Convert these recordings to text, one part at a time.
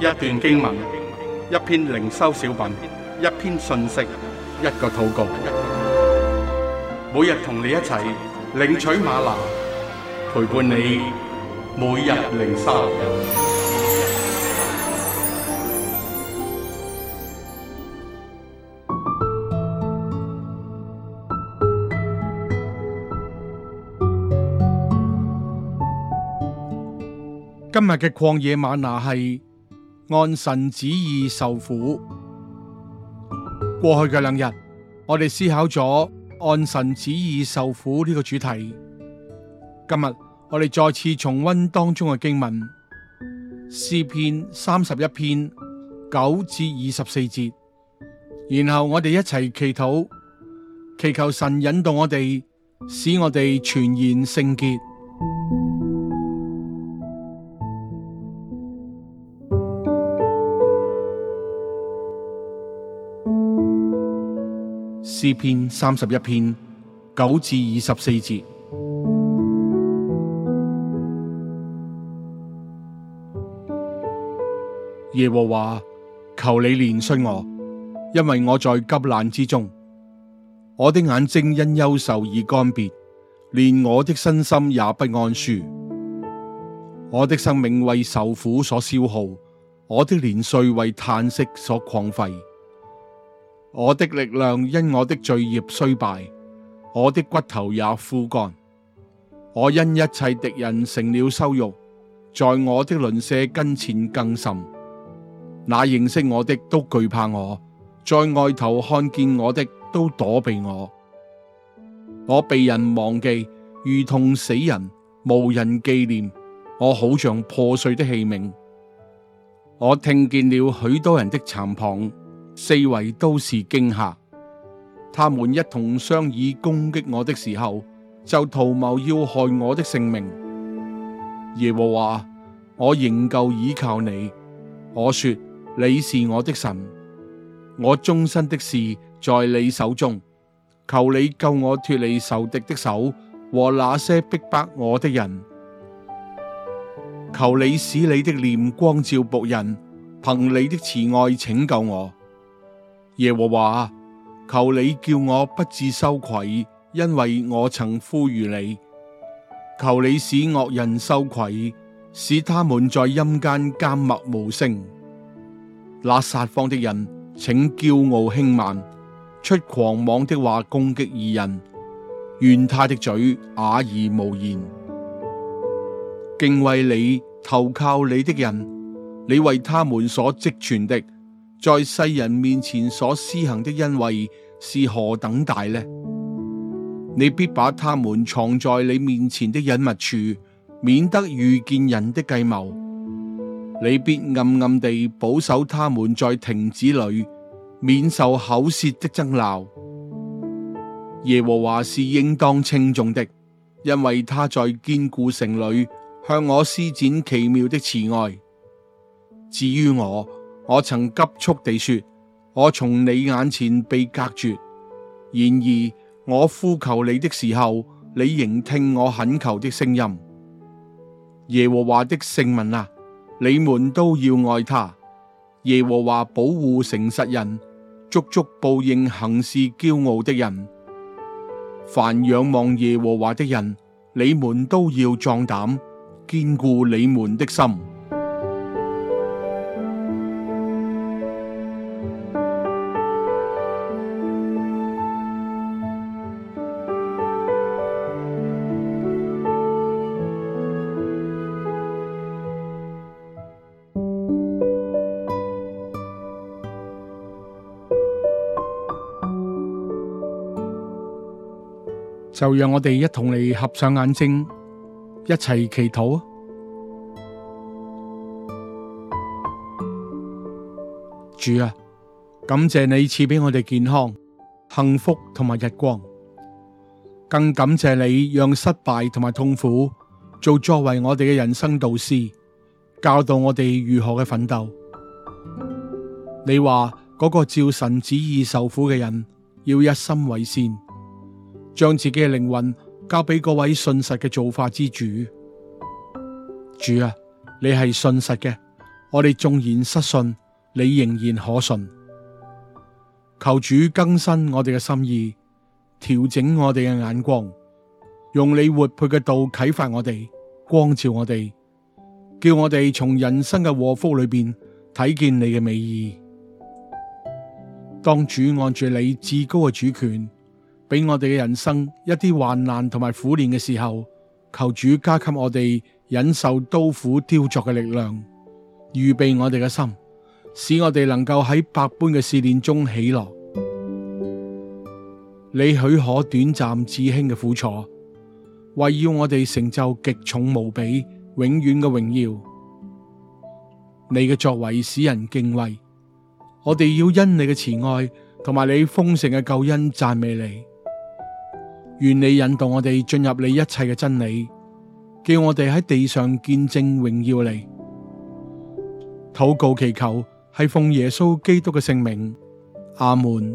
一段經文，一篇靈修小品，一篇信息，一個禱告。每日同你一齊領取嗎哪，陪伴你每日靈修。今日嘅曠野嗎哪係。按神旨意受苦。過去嘅兩日，我哋思考咗按神旨意受苦呢個主題。今日我哋再次重溫當中嘅經文，詩篇三十一篇九至二十四節。然後我哋一齊祈禱，祈求神引導我哋，使我哋全然聖潔。詩篇三十一篇九至二十四節。耶和華，求你憐恤我，因為我在急難之中。我的眼睛因憂愁而乾癟，連我的身心也不安舒。我的生命為受苦所消耗，我的年歲為嘆息所曠廢。我的力量因我的罪孽衰敗，我的骨頭也枯乾。我因一切敵人成了羞辱，在我的鄰舍跟前更甚。那認識我的都懼怕我，在外頭看見我的都躲避我。我被人忘記，如同死人，無人紀念。我好像破碎的器皿。我聽見了許多人的讒謗。四圍都是驚嚇，他們一同商議攻擊我的時候，就圖謀要害我的性命。耶和華，我仍舊倚靠你，我說你是我的神，我終身的事在你手中，求你救我脱離仇敵的手和那些逼迫我的人，求你使你的臉光照僕人，憑你的慈愛拯救我。耶和華啊，求你叫我不致羞愧，因為我曾呼籲你；求你使惡人羞愧，使他們在陰間緘默無聲。那撒謊的人，逞驕傲輕慢，出狂妄的話攻擊義人，願他的嘴啞而無言。敬畏你、投靠你的人，你為他們所積存的。在世人面前所施行的恩惠是何等大呢？你必把他們藏在你面前的隱密處，免得遇見人的計謀；你必暗暗地保守他們在亭子裏，免受口舌的爭鬧。耶和華是應當稱頌的，因為他在堅固城裏向我施展奇妙的慈愛。至於我。我曾急促地說，我從你眼前被隔絕。然而我呼求你的時候，你仍聽我懇求的聲音。耶和華的聖民啊，你們都要愛他。耶和華保護誠實人，足足報應行事驕傲的人。凡仰望耶和華的人，你們都要壯膽，堅固你們的心。就讓我哋一同嚟合上眼睛，一齊祈禱。主啊，感謝你賜俾我哋健康、幸福同埋日光，更感謝你讓失敗同埋痛苦做作為我哋嘅人生導師，教導我哋如何嘅奮鬥。你話嗰個照神旨意受苦嘅人，要一心為善。將自己嘅靈魂交俾嗰位信實嘅造化之主，主啊，你係信實嘅，我哋縱然失信，你仍然可信。求主更新我哋嘅心意，調整我哋嘅眼光，用你活潑嘅道啟發我哋，光照我哋，叫我哋從人生嘅禍福裏邊睇見你嘅美意。當主按住你至高嘅主權，俾我哋嘅人生一啲患難同埋苦練嘅時候，求主加給我哋忍受刀斧雕琢嘅力量，預備我哋嘅心，使我哋能夠喺百般嘅試煉中起落。你許可短暫至輕嘅苦楚，為要我哋成就極重無比永遠嘅榮耀。你嘅作為使人敬畏，我哋要因你嘅慈愛同埋你豐盛嘅救恩讚美你。願你引導我哋進入你一切嘅真理，叫我哋喺地上見證榮耀你。禱告祈求，係奉耶穌基督嘅聖名，阿門。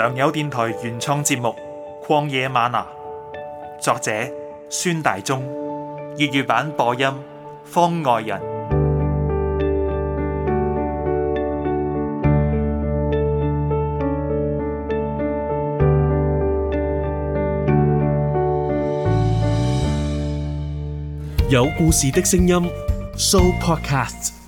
良友電台原創節目《曠野嗎哪》，作者孫大中，粵語版播音方外人，有故事的聲音 Show Podcast。